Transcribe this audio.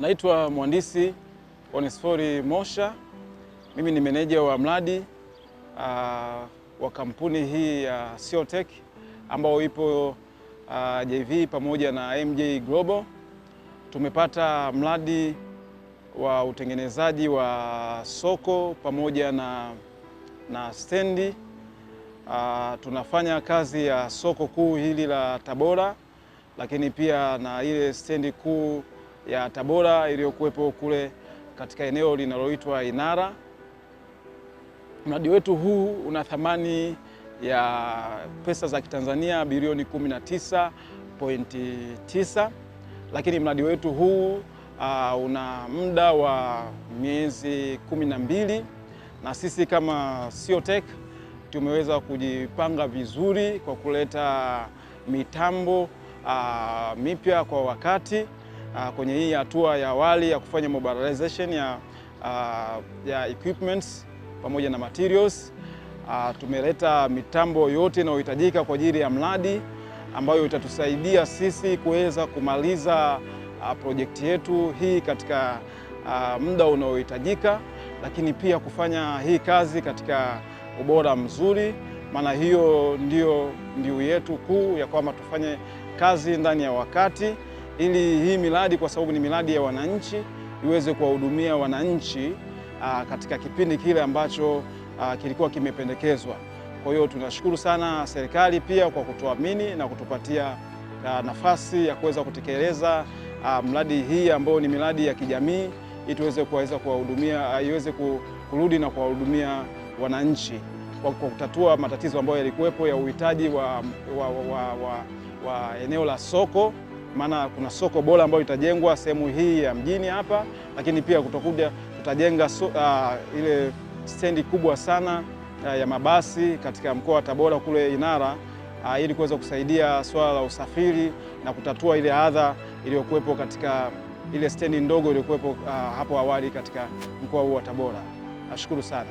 Naitwa Mhandisi Onesfori Mosha. Mimi ni meneja wa mradi uh, wa kampuni hii ya uh, Siotech ambayo ipo uh, ah, JV pamoja na MJ Global. Tumepata mradi wa utengenezaji wa soko pamoja na, na stendi uh, tunafanya kazi ya soko kuu hili la Tabora, lakini pia na ile stendi kuu ya Tabora iliyokuwepo kule katika eneo linaloitwa Inara. Mradi wetu huu una thamani ya pesa za Kitanzania bilioni 19.9, lakini mradi wetu huu uh, una muda wa miezi 12 na sisi kama Siotech tumeweza kujipanga vizuri kwa kuleta mitambo uh, mipya kwa wakati uh, kwenye hii hatua ya awali ya kufanya mobilization ya, uh, ya equipments pamoja na materials uh, tumeleta mitambo yote inayohitajika kwa ajili ya mradi ambayo itatusaidia sisi kuweza kumaliza uh, projekti yetu hii katika uh, muda unaohitajika, lakini pia kufanya hii kazi katika ubora mzuri, maana hiyo ndio ndiu yetu kuu ya kwamba tufanye kazi ndani ya wakati ili hii miradi, kwa sababu ni miradi ya wananchi, iweze kuwahudumia wananchi aa, ah, katika kipindi kile ambacho aa, ah, kilikuwa kimependekezwa. Kwa hiyo tunashukuru sana serikali pia kwa kutuamini na kutupatia aa, ah, nafasi ya kuweza kutekeleza mradi hii ambayo ni miradi ya kijamii ili tuweze kuweza kuwahudumia, iweze kurudi na kuwahudumia wananchi kwa kutatua matatizo ambayo yalikuwepo ya uhitaji wa, wa, wa, wa, wa, wa eneo la soko maana kuna soko bora ambayo itajengwa sehemu hii ya mjini hapa, lakini pia kutokuja tutajenga so, uh, ile stendi kubwa sana uh, ya mabasi katika mkoa wa Tabora kule Inara uh, ili kuweza kusaidia swala la usafiri na kutatua ile adha iliyokuwepo katika ile stendi ndogo iliyokuwepo uh, hapo awali katika mkoa huu wa Tabora. Nashukuru sana.